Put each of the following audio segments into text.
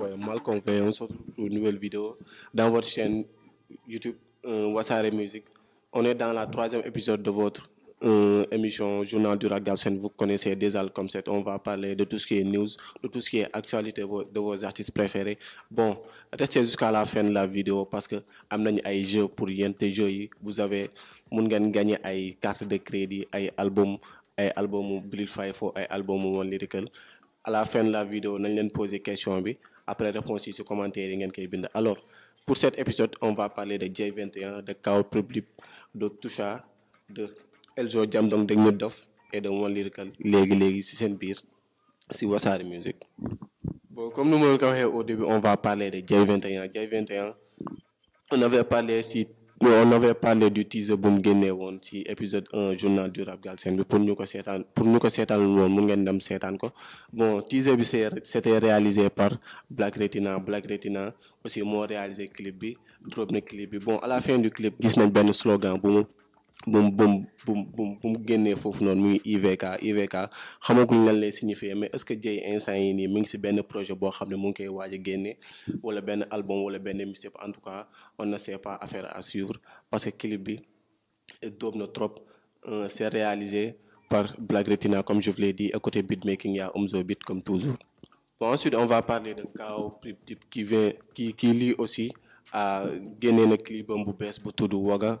Mal convaincu On se retrouve pour une nouvelle vidéo dans votre chaîne YouTube euh, Music. On est dans la troisième épisode de votre euh, émission Journal du Ragabsen. Vous connaissez des albums comme cette. On va parler de tout ce qui est news, de tout ce qui est actualité de vos, artistes préférés. Bon, restez jusqu'à la fin de la vidéo parce que amenez des jeu pour y Vous avez gagné des carte de crédit, des album des album Brill Fire, des album One Lyrical. À la fin de la vidéo, allons poser des question après réponse sur si commentaire rien ngeen alors pour cet épisode on va parler de J21 de Kao Public de toucha, de Elzo Jam donc de Ngodof, et de One Lyrical Légui Légui, si bir biir si musique. Music bon comme nous, ma ko au début on va parler de J21 J21 on avait parlé si on avait parlé du teaser Boom mu ci épisode un journal du rap galsen bi pour ñu ko un, pour nous ko sétane non mun ngeen dem sétane ko bon teaser bi c'était réalisé par Black Retina Black Retina aussi moi réalisé clip bi drop na clip bi bon à la fin du clip gis nañ ben slogan bu Bum, bum, bum, bum, bum, mu génnee foofu noonu muy IVK IVK xamaguñ lan lay signifier mais est-ce que Dieye instant yi nii mu ngi si benn projet boo xam ne mu ngi koy waaj a génne wala benn album wala benn mixtape en tout cas on ne sait pas affaire à suivre parce que clip bi dóob na trop euh, c'est réalisé par Black Retina comme je vous l'ai dit à côté beatmaking il y a Omzo Beat comme toujours. Bon, ensuite on va parler de Kao Prip Tip qui vient qui qui lui aussi a génne na clip bu bees bu tudd Waga.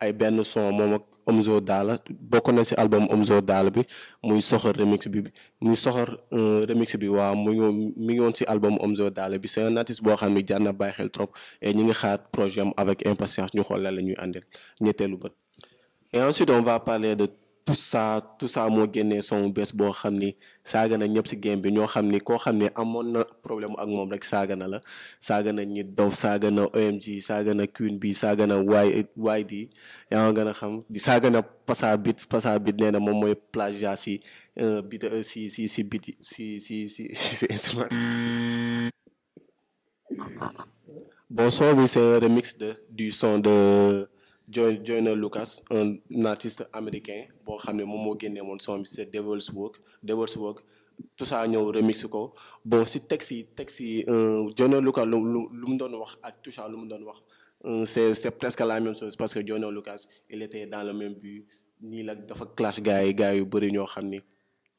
ay ben son mom ak Omzo Dollar bokk na si album Omzo Dollar bi muy soxor remix bi muy soxor euh, remix bi wa muy mi ngi won ci album Omzo Dollar bi c'est un artiste bo xamni ne jar na xel trop et ñi ngi xaar projet am avec impatience ñu xol la la ñuy àndil et ensuite on va parler de tout ça tout moo génnee son bés boo xam ni saaga na ñëpp si game bi ñoo xam ni koo xam ni amoon na problème ak moom rek saaga na la saaga na ñi dof saaga na OMG saaga na Queen bi saaga na waay waay di yaa nga gën a xam di saaga na pasa bit pasa bit nee na moom mooy plagiat si bit si si si bit si si si si instrument bon son bi c'est un remix de du son de Joy Joyner Lucas un artiste américain bon, xamné ne moom moo génnee son bi c'est Devil's Work Devil's Work tout ça ñëw remix ko bon si texte yi texte euh, yi Joyner Lucas lu lu mu don wax ak tout lu mu don wax euh, c'est c'est presque la même chose parce que Joyner Lucas il était dans le même but ni la dafa clash gars yi gars yu bari ñoo xamné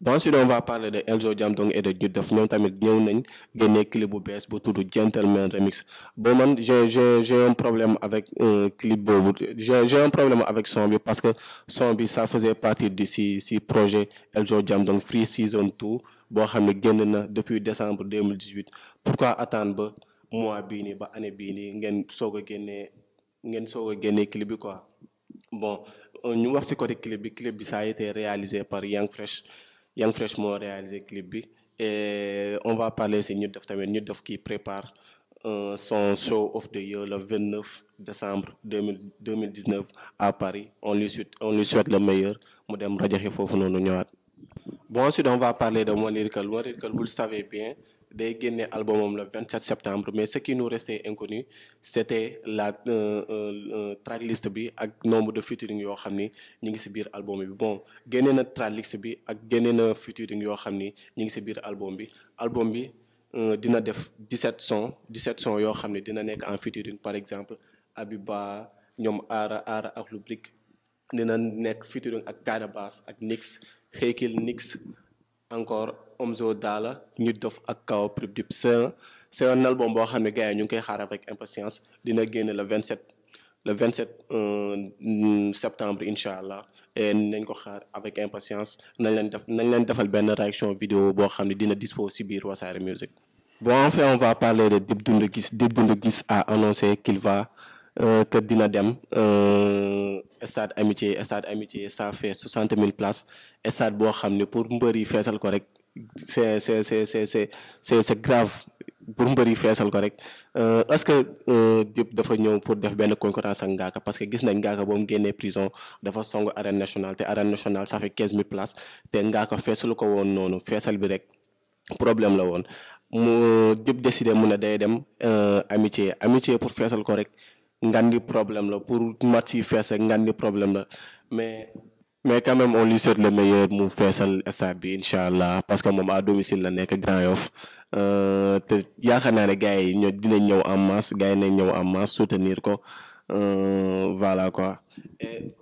Bon, ensuite on va parler de Elzo Jamdong et de Dude ñom tamit ñëw nañ génne clip bu bees bu Gentleman Remix bon man j'ai j'ai un problème avec euh, clip j'ai un problème avec son parce que son ça faisait partie du si si projet Elzo Jamdong Free Season 2 bo xamné ne na depuis décembre 2018 pourquoi attendre ba mois bi ni ba année pour ni ngeen soga a ngeen clip bi quoi bon ñu wax si côté clip bi clip bi ça a été réalisé par Young Fresh Young Fresh moo réalisé clip bi et on va parler si ñu def tamit ñu def kii prépare euh, son show of the year le 29 décembre 2019 à Paris on lui souhaite on lui souhaite le meilleur mu dem rajaxe foofu noonu ñëwaat bon ensuite on va parler de mon Lyrical mon Lyrical vous le savez bien day génne albumam le 27 septembre mais ce qui nous restait inconnu c'était la euh, euh, euh, tracklist bi ak nombre de featuring yoo xam ni ñu ngi si biir album bi bon génne na tracklist bi ak génne na featuring yoo xam ni ñu ngi si biir album bi album bi dina def 17 sons 17 sons yoo xam ne dina nekk en featuring par exemple Abiba ñoom ara ara ak Lubrique dina nekk featuring ak Bass ak Nix Xeykil Nix encore Omzo dala ñu dof ak kaw Prip Dip c'est un album boo xam ne gars ñu avec impatience dina génn le 27 le 27 euh, septembre inchallah et nous ko xaar avec impatience Nous allons def une réaction vidéo boo xam ne dina dispo si biir Wassare Music. bon enfin on va parler de Dip Doundou Guiss Dip a annoncé qu'il va euh, que dina dem euh, stade amitié stade amitié ça fait 60 mille places stade boo xam pour mbër yi feesal ko rek. c'est c'est c'est c'est c'est c'est c'est grave pour mbëri feesal ko rek euh, est-ce que euh, Diop dafa ñëw pour def benn concurrence ak Ngaaka parce que gis nañ Ngaaka ba mu génnee prison dafa song arène nationale te arène nationale ça fait quinze mille places te Ngaaka feesalu ko woon noonu feesal bi rek problème la woon mu Diop décidé mu ne day dem euh, amitié amitié pour feesal ko rek ngan ngandi problème la pour match yi fees ngan ngandi problème la mais mais quand même on lui souhaite le meilleur mon faire ça, bi parce que moom à domicile la que Grand Yoff euh yaakaar naa des gars ñu dina ñëw en masse gars yi ñëw en masse soutenir ko euh, voilà quoi. et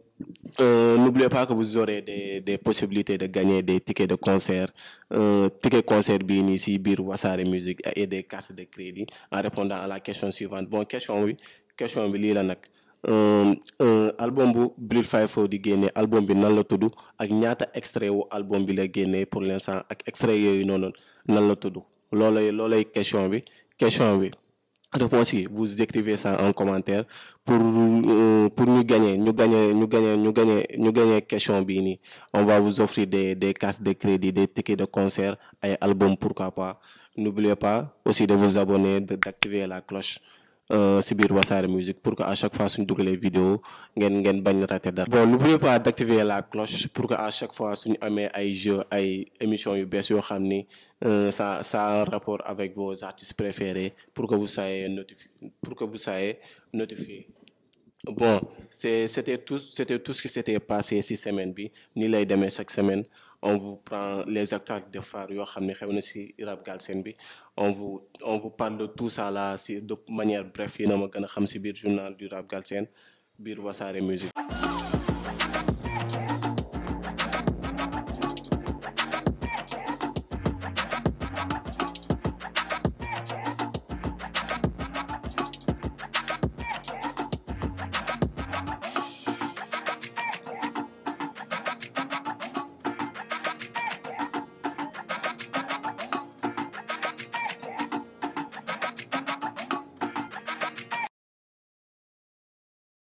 euh, n'oubliez pas que vous aurez des des possibilités de gagner des tickets de concert euh, ticket concert bien ici si biir Musique et des cartes de crédit en répondant à la question suivante bon question oui question bi là la euh, euh, album bu Blue Fire di album bi nan la tuddu ak extrait album bi la pour l'instant ak extrait nan la question vous décrivez ça en commentaire pour euh, pour nous gagner nous gagner nous gagner nous gagner nous gagner on va vous offrir des des cartes de crédit des tickets de concert ay album pourquoi pas n'oubliez pas aussi de vous abonner d'activer la cloche euh, si biir Music pour que à chaque fois suñ dugalee vidéo ngeen ngeen bañ raté dar bon n'oubliez pas d'activer la cloche pour que à chaque fois suñ amé ay jeux ay émissions yu bees yo xamni euh, ça ça a un rapport avec vos artistes préférés pour que vous soyez notifié pour que vous soyez notifié bon c'était tout tout ce qui s'était passé cette semaine bi les lay chaque semaine on vous prend les acteurs de phare on vous on vous parle de tout ça là de manière bref yi na ma gën journal du rap Galsen biir Wassare Musique